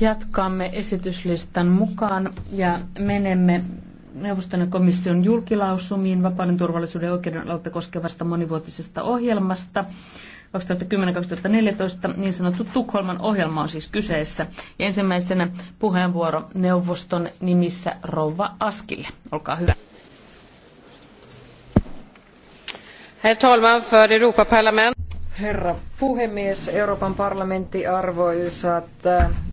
Jatkamme esityslistan mukaan ja menemme neuvoston ja komission julkilausumiin vapauden turvallisuuden ja oikeudenaloitta koskevasta monivuotisesta ohjelmasta. 2010-2014 niin sanottu Tukholman ohjelma on siis kyseessä. Ja ensimmäisenä puheenvuoro neuvoston nimissä Rouva Askille. Olkaa hyvä. Herr talman för Europaparlamentet herra puhemies, Euroopan parlamentti, arvoisat